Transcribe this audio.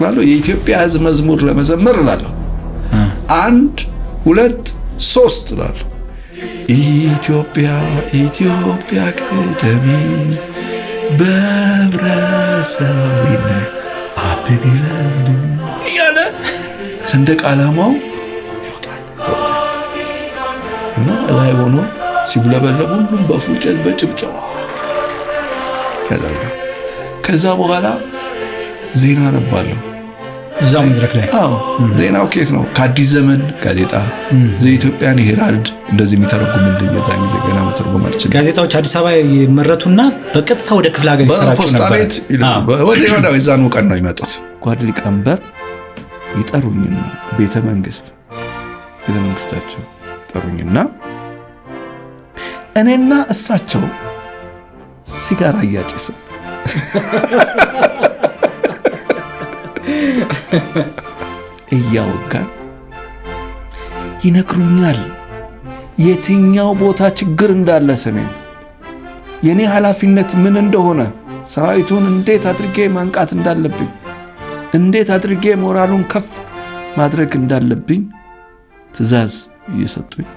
ባለው የኢትዮጵያ ሕዝብ መዝሙር ለመዘመር እላለሁ። አንድ ሁለት ሶስት እላለሁ። ኢትዮጵያ ኢትዮጵያ ቅደሚ በህብረ ሰብአዊነት አብቢ ለምልሚ እያለ ሰንደቅ ዓላማው እና ላይ ሆኖ ሲብለበለብ ሁሉም በፉጨት በጭብጨባ ያደርጋል። ከዛ በኋላ ዜና አነባለሁ። እዛ መድረክ ላይ አዎ። ዜናው ኬት ነው ከአዲስ ዘመን ጋዜጣ፣ ዘኢትዮጵያን፣ ሄራልድ እንደዚህ የሚተረጉምልኝ የዛን ጊዜ ገና መተርጎም አልችልም። ጋዜጣዎች አዲስ አበባ የመረቱና በቀጥታ ወደ ክፍለ ሀገር ይሰራጩ ነበር። ወደ ሆነ የዛኑ ቀን ነው ይመጡት። ጓድ ሊቀመንበር ይጠሩኝና ቤተ መንግስት ቤተ መንግስታቸው ጠሩኝና እኔና እሳቸው ሲጋራ እያጨስን እያወጋን ይነግሩኛል። የትኛው ቦታ ችግር እንዳለ ሰሜን የእኔ ኃላፊነት ምን እንደሆነ ሰራዊቱን እንዴት አድርጌ ማንቃት እንዳለብኝ እንዴት አድርጌ ሞራሉን ከፍ ማድረግ እንዳለብኝ ትዕዛዝ እየሰጡኝ